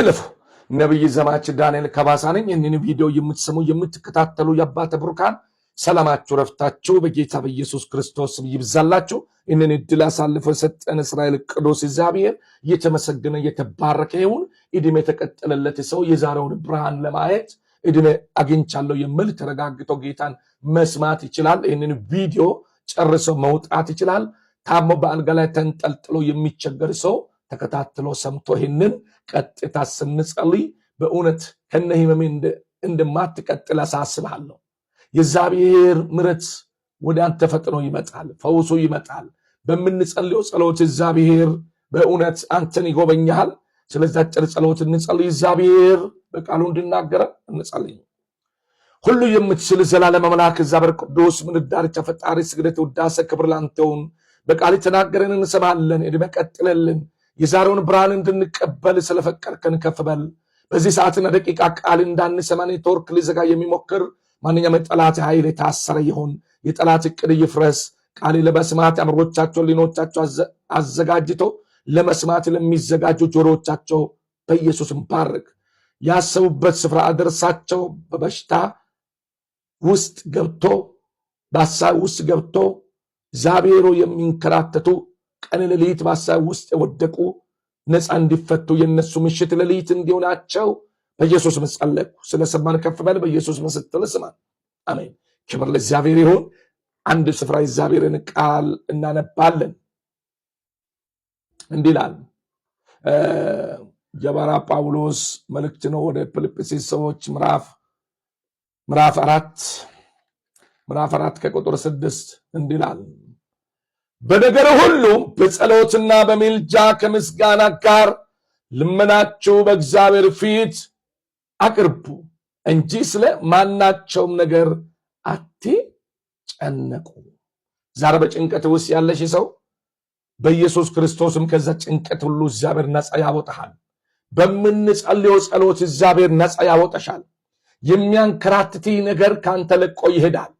አትለፉ። ነቢይ ዘማች ዳንኤል ከባሳ ነኝ። ይህንን ቪዲዮ የምትሰሙ የምትከታተሉ የአባተ ብሩካን ሰላማችሁ ረፍታችሁ በጌታ በኢየሱስ ክርስቶስ ይብዛላችሁ። ይህንን እድል አሳልፎ የሰጠን እስራኤል ቅዱስ እግዚአብሔር እየተመሰገነ እየተባረከ ይሁን። እድሜ የተቀጠለለት ሰው የዛሬውን ብርሃን ለማየት እድሜ አግኝቻለሁ የሚል ተረጋግጦ ጌታን መስማት ይችላል። ይህንን ቪዲዮ ጨርሶ መውጣት ይችላል። ታሞ በአልጋ ላይ ተንጠልጥሎ የሚቸገር ሰው ተከታትሎ ሰምቶ ይህንን ቀጥታ ስንጸልይ በእውነት ከነ ህመሜ እንደማትቀጥል አሳስብሃለሁ። የእግዚአብሔር ምረት ወደ አንተ ፈጥኖ ይመጣል፣ ፈውሶ ይመጣል። በምንጸልየው ጸሎት እግዚአብሔር በእውነት አንተን ይጎበኛሃል። ስለዚህ አጭር ጸሎት እንጸልይ። እግዚአብሔር በቃሉ እንድናገረ እንጸልይ። ሁሉ የምትችል ዘላለም አምላክ እግዚአብሔር ቅዱስ ምንዳር ተፈጣሪ፣ ስግደት፣ ውዳሴ፣ ክብር ላንተውን በቃል የተናገረን እንሰማለን። እድሜ ቀጥለልን የዛሬውን ብርሃን እንድንቀበል ስለፈቀድከን ከፍ በል። በዚህ ሰዓትና ደቂቃ ቃል እንዳንሰማ ኔትወርክ ሊዘጋ የሚሞክር ማንኛውም የጠላት ኃይል የታሰረ ይሆን። የጠላት እቅድ ይፍረስ። ቃል ለመስማት አምሮቻቸውን ሊኖቻቸው አዘጋጅቶ ለመስማት ለሚዘጋጁ ጆሮዎቻቸው በኢየሱስም ባርክ። ያሰቡበት ስፍራ አደርሳቸው። በበሽታ ውስጥ ገብቶ በሀሳብ ውስጥ ገብቶ ዛቤሮ የሚንከራተቱ ቀን ሌሊት በሀሳብ ውስጥ የወደቁ ነፃ እንዲፈቱ የነሱ ምሽት ሌሊት እንዲሆናቸው በኢየሱስ ስም ጸለይኩ። ስለሰማን ከፍ በል። በኢየሱስ ስም ስትል አሜን። ክብር ለእግዚአብሔር ይሁን። አንድ ስፍራ የእግዚአብሔርን ቃል እናነባለን። እንዲህ ይላል የባራ ጳውሎስ መልእክት ነው ወደ ፊልጵስዩስ ሰዎች ምዕራፍ ምዕራፍ አራት ምዕራፍ አራት ከቁጥር ስድስት እንዲህ ይላል በነገር ሁሉ በጸሎትና በምልጃ ከምስጋና ጋር ልመናችሁ በእግዚአብሔር ፊት አቅርቡ እንጂ ስለ ማናቸውም ነገር አትጨነቁ። ዛሬ በጭንቀት ውስጥ ያለሽ ሰው በኢየሱስ ክርስቶስም ከዛ ጭንቀት ሁሉ እግዚአብሔር ነፃ ያወጣሃል። በምንጸልዮ ጸሎት እግዚአብሔር ነፃ ያወጠሻል። የሚያንከራትቲ ነገር ከአንተ ለቆ ይሄዳል።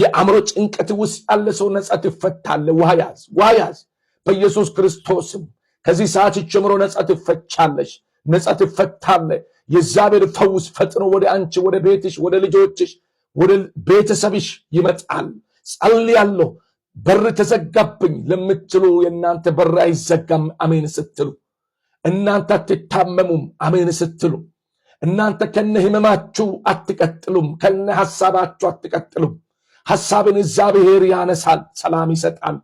የአእምሮ ጭንቀት ውስጥ ያለ ሰው ነፃ ትፈታለ። ዋያዝ ዋያዝ በኢየሱስ ክርስቶስም ከዚህ ሰዓት ጀምሮ ነፃ ትፈቻለሽ፣ ነፃ ትፈታለ። የእግዚአብሔር ፈውስ ፈጥኖ ወደ አንቺ፣ ወደ ቤትሽ፣ ወደ ልጆችሽ፣ ወደ ቤተሰብሽ ይመጣል። ጸልያለሁ። በር ተዘጋብኝ ለምትሉ የእናንተ በር አይዘጋም። አሜን ስትሉ እናንተ አትታመሙም። አሜን ስትሉ እናንተ ከነ ህመማችሁ አትቀጥሉም፣ ከነ ሀሳባችሁ አትቀጥሉም። ሐሳብን እግዚአብሔር ያነሳል፣ ሰላም ይሰጣል፣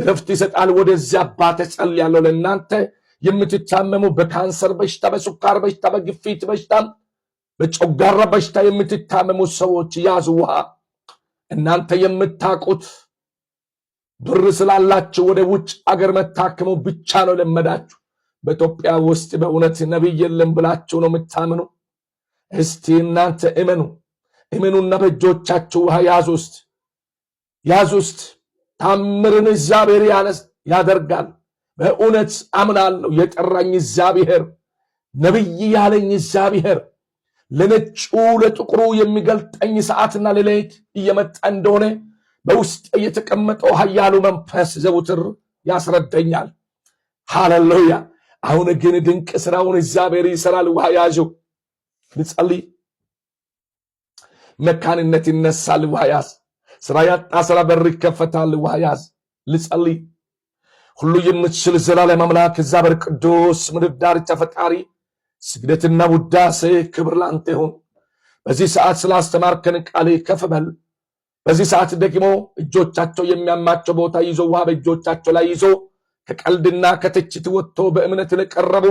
እረፍት ይሰጣል። ወደዚህ አባተ ጸልያለሁ። ለእናንተ የምትታመሙ በካንሰር በሽታ፣ በሱካር በሽታ፣ በግፊት በሽታ፣ በጨጓራ በሽታ የምትታመሙ ሰዎች ያዙ ውሃ። እናንተ የምታውቁት ብር ስላላችሁ ወደ ውጭ አገር መታከሙ ብቻ ነው ለመዳችሁ። በኢትዮጵያ ውስጥ በእውነት ነቢይ የለም ብላችሁ ነው የምታምኑ? እስቲ እናንተ እመኑ፣ እመኑና በእጆቻችሁ ውሃ ያዙ ውስጥ ያዝ ውስጥ ታምርን እግዚአብሔር ያደርጋል። በእውነት አምናለሁ። የጠራኝ እግዚአብሔር ነቢይ ያለኝ እግዚአብሔር ለነጩ ለጥቁሩ የሚገልጠኝ ሰዓትና ሌሊት እየመጣ እንደሆነ በውስጥ የተቀመጠው ኃያሉ መንፈስ ዘውትር ያስረዳኛል። ሃሌሉያ! አሁን ግን ድንቅ ስራውን እግዚአብሔር ይሰራል። ውሃ ያዙ፣ ልጸልይ። መካንነት ይነሳል። ውሃ ያዝ ስራ ያጣ ስራ በር ይከፈታል። ውሃ ያዝ፣ ልጸልይ። ሁሉ የምትችል ዘላለም አምላክ እግዚአብሔር ቅዱስ፣ ምድር ዳርቻ ፈጣሪ፣ ስግደትና ውዳሴ ክብር ላንተ ይሁን። በዚህ ሰዓት ስላስተማርከን ቃል ከፍ በል። በዚህ ሰዓት ደግሞ እጆቻቸው የሚያማቸው ቦታ ይዞ ውሃ በእጆቻቸው ላይ ይዞ ከቀልድና ከትችት ወጥቶ በእምነት ለቀረቡ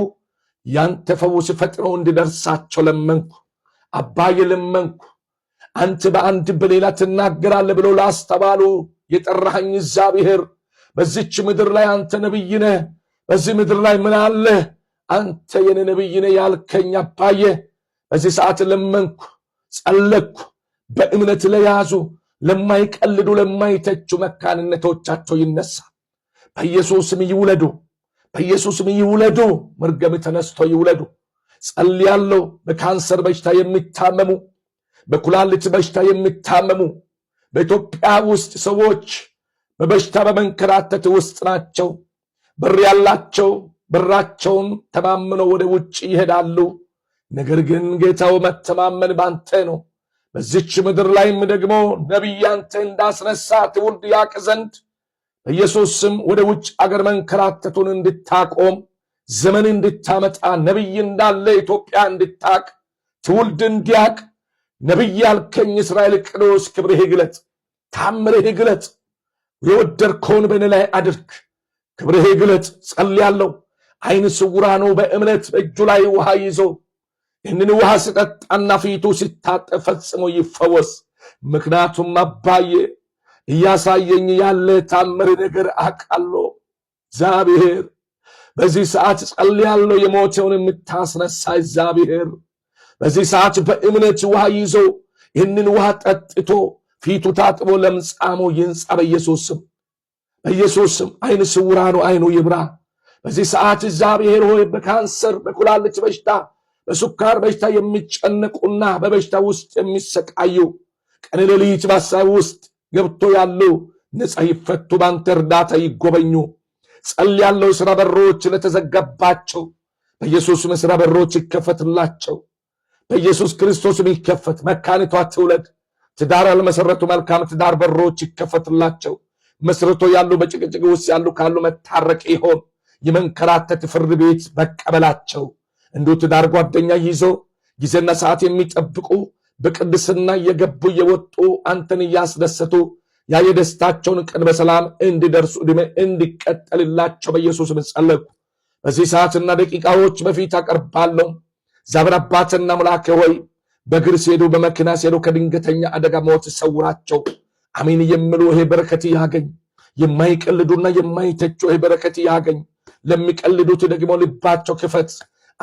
ያንተ ፈውስ ፈጥኖ እንዲደርሳቸው ለመንኩ። አባዬ ለመንኩ አንተ በአንድ በሌላ ትናገራለህ ብለው ላስተባሉ የጠራኸኝ እግዚአብሔር በዚች ምድር ላይ አንተ ነብይ ነህ፣ በዚህ ምድር ላይ ምን አለ አንተ የኔ ነብይ ነህ ያልከኝ አባዬ፣ በዚህ ሰዓት ለመንኩ፣ ጸለኩ። በእምነት ለያዙ ለማይቀልዱ፣ ለማይተቹ መካንነቶቻቸው ይነሳ፣ በኢየሱስም ይውለዱ፣ በኢየሱስም ይውለዱ፣ መርገም ተነስቶ ይውለዱ። ጸልያለሁ በካንሰር በሽታ የሚታመሙ በኩላሊት በሽታ የሚታመሙ በኢትዮጵያ ውስጥ ሰዎች በበሽታ በመንከራተት ውስጥ ናቸው። ብር ያላቸው ብራቸውን ተማምነው ወደ ውጭ ይሄዳሉ። ነገር ግን ጌታው መተማመን ባንተ ነው። በዚች ምድር ላይም ደግሞ ነቢይ አንተ እንዳስነሳ ትውልድ ያቅ ዘንድ በኢየሱስ ስም ወደ ውጭ አገር መንከራተቱን እንድታቆም ዘመን እንድታመጣ ነቢይ እንዳለ ኢትዮጵያ እንድታቅ ትውልድ እንዲያቅ ነቢይ ያልከኝ እስራኤል ቅዱስ ክብርህ ግለጥ፣ ታምርህ ግለጥ፣ የወደድከውን በእኔ ላይ አድርግ። ክብርህ ግለጥ ጸልያለሁ። አይን ስውራኑ በእምነት እጁ ላይ ውሃ ይዞ ይህንን ውሃ ሲጠጣና ፊቱ ሲታጠብ ፈጽሞ ይፈወስ። ምክንያቱም አባዬ እያሳየኝ ያለ ታምር ነገር አውቃለሁ። እግዚአብሔር በዚህ ሰዓት ጸልያለሁ። የሞተውን የምታስነሳ እግዚአብሔር በዚህ ሰዓት በእምነት ውሃ ይዞ ይህንን ውሃ ጠጥቶ ፊቱ ታጥቦ ለምጻሞ ይንጻ በኢየሱስ ስም በኢየሱስ ስም። ስውራ ነው አይኑ ይብራ። በዚህ ሰዓት እግዚአብሔር ሆይ በካንሰር በኩላልች በሽታ በሱካር በሽታ የሚጨነቁና በበሽታ ውስጥ የሚሰቃዩ ቀን ሌሊት ውስጥ ገብቶ ያሉ ነፃ ይፈቱ፣ ባንተ እርዳታ ይጎበኙ። ጸል ያለው ስራ በሮች ለተዘጋባቸው በኢየሱስም ስራ በሮች ይከፈትላቸው። በኢየሱስ ክርስቶስ የሚከፈት መካኒቷ ትውለድ። ትዳር ያልመሰረቱ መልካም ትዳር በሮች ይከፈትላቸው። መስርቶ ያሉ በጭቅጭቅ ውስጥ ያሉ ካሉ መታረቅ ይሆን የመንከራተት ፍርድ ቤት በቀበላቸው። እንዱ ትዳር ጓደኛ ይዞ ጊዜና ሰዓት የሚጠብቁ በቅድስና እየገቡ እየወጡ አንተን እያስደሰቱ ያ የደስታቸውን ቀን በሰላም እንዲደርሱ ዕድሜ እንዲቀጠልላቸው በኢየሱስ ጸለይኩ። በዚህ ሰዓትና ደቂቃዎች በፊት አቀርባለሁ። እግዚአብሔር አባትና አምላኬ ሆይ በእግር ሲሄዱ በመኪና ሲሄዱ ከድንገተኛ አደጋ ሞት ሰውራቸው። አሜን የምሉ ይሄ በረከት ያገኝ። የማይቀልዱና የማይተቹ ይሄ በረከት ያገኝ። ለሚቀልዱት ደግሞ ልባቸው ክፈት።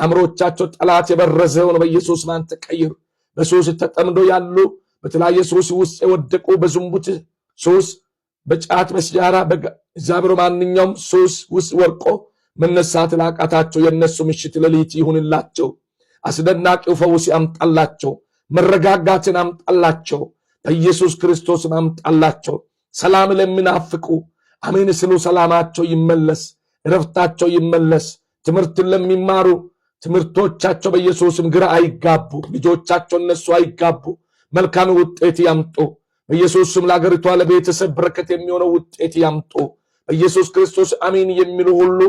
አእምሮቻቸው ጠላት የበረዘውን በኢየሱስ ማን ተቀይር። በሱስ ተጠምዶ ያሉ በተለያየ ሱስ ውስጥ የወደቁ በዝሙት ሱስ፣ በጫት፣ በሲጃራ እግዚአብሔር ማንኛውም ሱስ ውስጥ ወርቆ መነሳት ላቃታቸው የእነሱ ምሽት ሌሊት ይሁንላቸው። አስደናቂው ፈውስ ያምጣላቸው፣ መረጋጋትን አምጣላቸው፣ በኢየሱስ ክርስቶስን አምጣላቸው። ሰላም ለሚናፍቁ አሜን ስሉ ሰላማቸው ይመለስ፣ እረፍታቸው ይመለስ። ትምህርትን ለሚማሩ ትምህርቶቻቸው በኢየሱስም ግራ አይጋቡ፣ ልጆቻቸው እነሱ አይጋቡ፣ መልካም ውጤት ያምጡ። በኢየሱስም ለአገሪቷ ለቤተሰብ በረከት የሚሆነው ውጤት ያምጡ። በኢየሱስ ክርስቶስ አሜን የሚሉ ሁሉ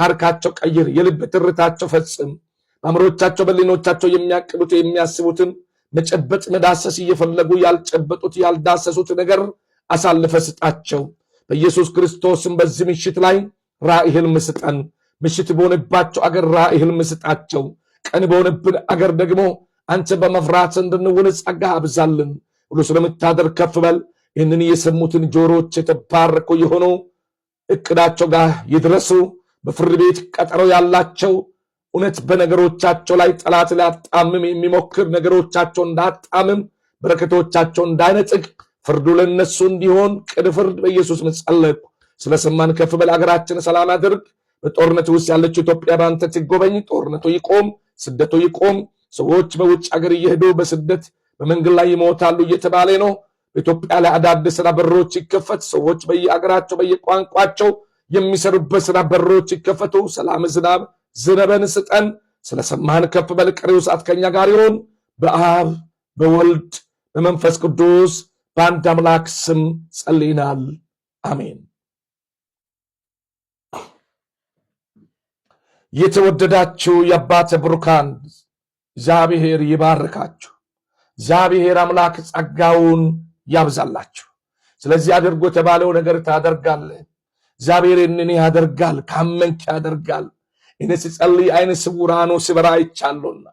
ታሪካቸው ቀይር፣ የልብ ትርታቸው ፈጽም። አእምሮቻቸው በሊኖቻቸው የሚያቅዱት የሚያስቡትን መጨበጥ መዳሰስ እየፈለጉ ያልጨበጡት ያልዳሰሱት ነገር አሳልፈ ስጣቸው። በኢየሱስ ክርስቶስም በዚህ ምሽት ላይ ራእይ ምስጠን ስጠን። ምሽት በሆነባቸው አገር ራእይ ህልም ስጣቸው። ቀን በሆነብን አገር ደግሞ አንተ በመፍራት እንድንውን ጸጋ አብዛልን። ሁሉ ስለምታደር ከፍ በል። ይህንን የሰሙትን ጆሮች የተባረኩ የሆኑ እቅዳቸው ጋር ይድረሱ። በፍርድ ቤት ቀጠሮ ያላቸው እውነት በነገሮቻቸው ላይ ጠላት ሊያጣምም የሚሞክር ነገሮቻቸው እንዳጣምም በረከቶቻቸው እንዳይነጥቅ ፍርዱ ለነሱ እንዲሆን ቅን ፍርድ በኢየሱስ ምጸለኩ ስለ ከፍ በል። አገራችን ሰላም አድርግ። በጦርነት ውስጥ ያለችው ኢትዮጵያ በአንተ ትጎበኝ። ጦርነቱ ይቆም፣ ስደቱ ይቆም። ሰዎች በውጭ ሀገር እየሄዱ በስደት በመንገድ ላይ ይሞታሉ እየተባለ ነው። በኢትዮጵያ ላይ አዳዲስ ስራ በሮች ይከፈት። ሰዎች በየአገራቸው በየቋንቋቸው የሚሰሩበት ስራ በሮች ይከፈቱ። ሰላም ዝናብ ዝነበን ስጠን። ሰማህን ከፍ በል። ቀሪው ሰዓት ከኛ ጋር ይሁን። በአብ በወልድ በመንፈስ ቅዱስ በአንድ አምላክ ስም ጸልይናል። አሜን። የተወደዳችሁ የአባተ ብሩካን እግዚአብሔር ይባርካችሁ። እግዚአብሔር አምላክ ጸጋውን ያብዛላችሁ። ስለዚህ አድርጎ የተባለው ነገር ታደርጋለህ። እግዚአብሔር እንን ያደርጋል። ካመንክ ያደርጋል። እኔ ስጸልይ አይነ ነው ሲበራ አይቻለሁና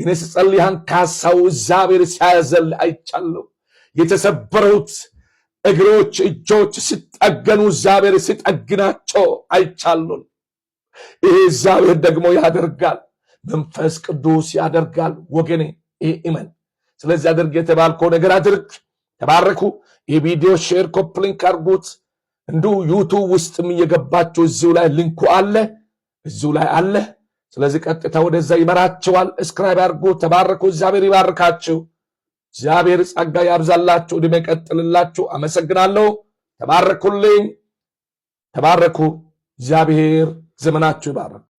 እኔ ስጸልይ አንካሳው እግዚአብሔር ሲያዘል አይቻለሁ። የተሰበሩት እግሮች፣ እጆች ሲጠገኑ እግዚአብሔር ሲጠግናቸው አይቻሉን። ይሄ እግዚአብሔር ደግሞ ያደርጋል፣ መንፈስ ቅዱስ ያደርጋል። ወገኔ ይህ እመን። ስለዚህ አድርግ የተባልከው ነገር አድርግ። ተባረኩ። የቪዲዮ ሼር ኮፕሊንክ አርጉት። እንዲሁ ዩቱብ ውስጥም እየገባቸው እዚሁ ላይ ሊንኩ አለ እዙ ላይ አለ። ስለዚህ ቀጥታ ወደዛ ይመራቸዋል። እስክራይብ አድርጎ ተባረኩ። እግዚአብሔር ይባርካችሁ። እግዚአብሔር ጸጋ ያብዛላችሁ፣ እድሜ ቀጥልላችሁ። አመሰግናለሁ። ተባረኩልኝ፣ ተባረኩ። እግዚአብሔር ዘመናችሁ ይባረክ።